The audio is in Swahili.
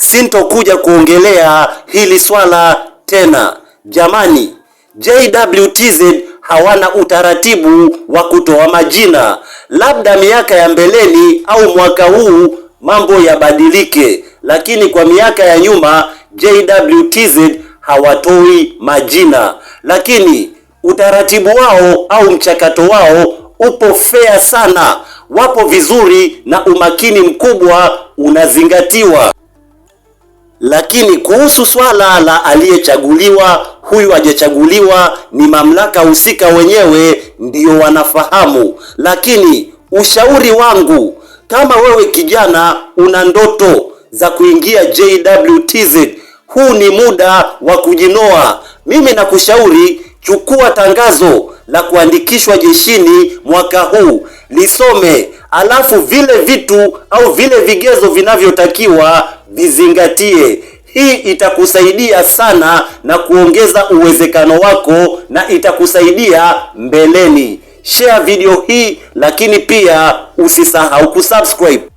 Sintokuja kuongelea hili swala tena jamani. JWTZ hawana utaratibu wa kutoa majina, labda miaka ya mbeleni au mwaka huu mambo yabadilike, lakini kwa miaka ya nyuma JWTZ hawatoi majina, lakini utaratibu wao au mchakato wao upo fair sana, wapo vizuri na umakini mkubwa unazingatiwa. Lakini kuhusu swala la aliyechaguliwa huyu ajechaguliwa, ni mamlaka husika wenyewe ndio wanafahamu. Lakini ushauri wangu, kama wewe kijana una ndoto za kuingia JWTZ, huu ni muda wa kujinoa. Mimi nakushauri chukua tangazo la kuandikishwa jeshini mwaka huu, lisome, alafu vile vitu au vile vigezo vinavyotakiwa vizingatie. Hii itakusaidia sana na kuongeza uwezekano wako na itakusaidia mbeleni. Share video hii, lakini pia usisahau kusubscribe.